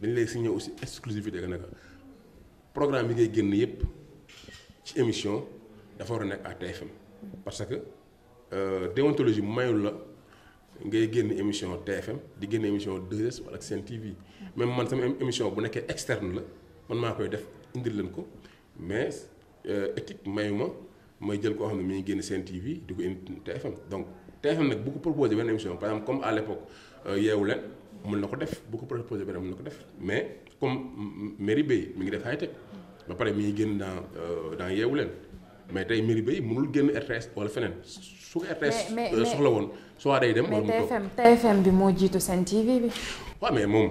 dañ lay signé aussi exclusivité que ne programme yi ngay génn yëpp ci émission dafa war a nekk à TFM parce que euh, déontologie mayul la ngay génn émission TFM di génn émission 2S wala Sen TV même man sama émission bu nekkee externe la man maa koy def indil leen ko mais euh, éthique mayu ma may jël koo xam ne mi ngi génn Sen TV di ko indi TFM donc TFM nag bu ko proposé benn émission par exemple comme à l'époque euh, yeewu leen mun na ko def bu ko proposé beneen mun na ko def mais comme mairie bay mi ngi def high ba pare mi ngi génn dans euh, dans yeewu leen mais tey mairie bay mënul génn RTS wala feneen su ko euh, soxla woon soit day dem. wala mu moo jiitu seen TV bi. waaw mais moom.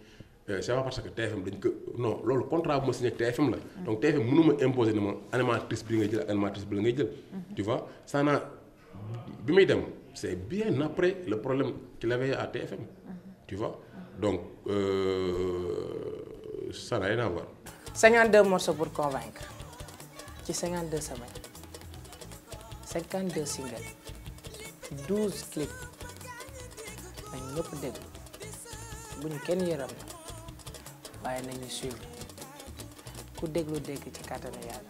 Euh, c'est pas parce que TFM ko non Le contrat bu ma signé TFM la. donc TFM mënu ma imposer une animatrice bi nga jël animatrice bi la jël. Mm-hmm. tu vois ça na bi muy dem C'est bien après le problème qu'il avait à TFM. Mm-hmm. tu vois donc euh, ça n'a rien à voir. 52 morceaux pour convaincre ci 52 semaines 52 singles 12 clips ñëpp dégg bu kenn yërëm waaye nañu suivre ku déglu dégg ci kàttanu yàlla